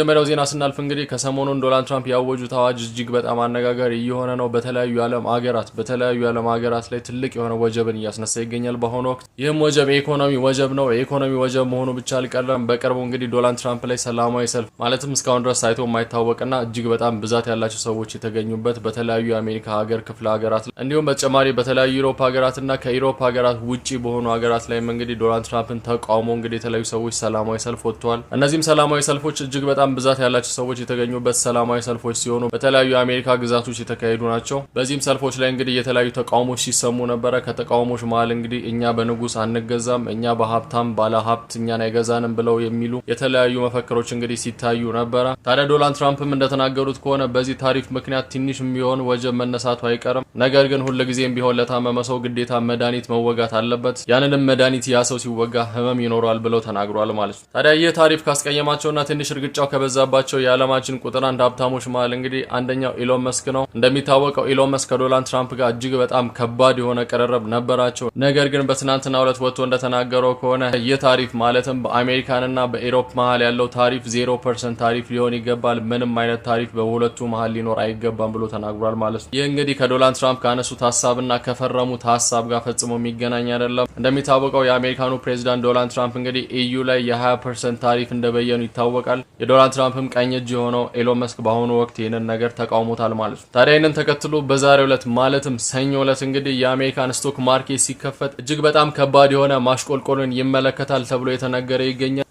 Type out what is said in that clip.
መጀመሪያው ዜና ስናልፍ እንግዲህ ከሰሞኑን ዶናልድ ትራምፕ ያወጁት አዋጅ እጅግ በጣም አነጋጋሪ እየሆነ ነው። በተለያዩ የዓለም ሀገራት በተለያዩ የዓለም ሀገራት ላይ ትልቅ የሆነ ወጀብን እያስነሳ ይገኛል በአሁኑ ወቅት። ይህም ወጀብ የኢኮኖሚ ወጀብ ነው። የኢኮኖሚ ወጀብ መሆኑ ብቻ አልቀረም። በቅርቡ እንግዲህ ዶናልድ ትራምፕ ላይ ሰላማዊ ሰልፍ ማለትም እስካሁን ድረስ ታይቶ የማይታወቅና እጅግ በጣም ብዛት ያላቸው ሰዎች የተገኙበት በተለያዩ የአሜሪካ ሀገር ክፍለ ሀገራት እንዲሁም በተጨማሪ በተለያዩ ዩሮፕ ሀገራትና ከዩሮፕ ሀገራት ውጭ በሆኑ ሀገራት ላይም እንግዲህ ዶናልድ ትራምፕን ተቃውሞ እንግዲህ የተለያዩ ሰዎች ሰላማዊ ሰልፍ ወጥተዋል። እነዚህም ሰላማዊ ሰልፎች እጅግ በጣም በጣም ብዛት ያላቸው ሰዎች የተገኙበት ሰላማዊ ሰልፎች ሲሆኑ በተለያዩ የአሜሪካ ግዛቶች የተካሄዱ ናቸው። በዚህም ሰልፎች ላይ እንግዲህ የተለያዩ ተቃውሞች ሲሰሙ ነበረ። ከተቃውሞች መሀል እንግዲህ እኛ በንጉስ አንገዛም፣ እኛ በሀብታም ባለ ሀብት እኛን አይገዛንም ብለው የሚሉ የተለያዩ መፈክሮች እንግዲህ ሲታዩ ነበረ። ታዲያ ዶናልድ ትራምፕም እንደተናገሩት ከሆነ በዚህ ታሪፍ ምክንያት ትንሽ የሚሆን ወጀብ መነሳቱ አይቀርም። ነገር ግን ሁልጊዜም ቢሆን ለታመመ ሰው ግዴታ መድኃኒት መወጋት አለበት፣ ያንንም መድኃኒት ያ ሰው ሲወጋ ህመም ይኖረዋል ብለው ተናግሯል ማለት ነው። ታዲያ ይህ ታሪፍ ካስቀየማቸውና ትንሽ እርግጫው ከበዛባቸው የዓለማችን ቁጥር አንድ ሀብታሞች መሀል እንግዲህ አንደኛው ኢሎን መስክ ነው። እንደሚታወቀው ኢሎን መስክ ከዶናልድ ትራምፕ ጋር እጅግ በጣም ከባድ የሆነ ቀረረብ ነበራቸው። ነገር ግን በትናንትናው ዕለት ወጥቶ እንደተናገረው ከሆነ ይህ ታሪፍ ማለትም በአሜሪካንና በኢሮፕ መሀል ያለው ታሪፍ ዜሮ ፐርሰንት ታሪፍ ሊሆን ይገባል፣ ምንም አይነት ታሪፍ በሁለቱ መሀል ሊኖር አይገባም ብሎ ተናግሯል ማለት ነው። ይህ እንግዲህ ከዶናልድ ትራምፕ ካነሱት ሀሳብና ከፈረሙት ሀሳብ ጋር ፈጽሞ የሚገናኝ አይደለም። እንደሚታወቀው የአሜሪካኑ ፕሬዚዳንት ዶናልድ ትራምፕ እንግዲህ ኤዩ ላይ የ20 ፐርሰንት ታሪፍ እንደበየኑ ይታወቃል። የዶናልድ ትራምፕም ቀኝ እጅ የሆነው ኤሎን መስክ በአሁኑ ወቅት ይህንን ነገር ተቃውሞታል ማለት ነው። ታዲያ ይህንን ተከትሎ በዛሬው ዕለት ማለትም ሰኞ ዕለት እንግዲህ የአሜሪካን ስቶክ ማርኬት ሲከፈት እጅግ በጣም ከባድ የሆነ ማሽቆልቆሉን ይመለከታል ተብሎ የተነገረ ይገኛል።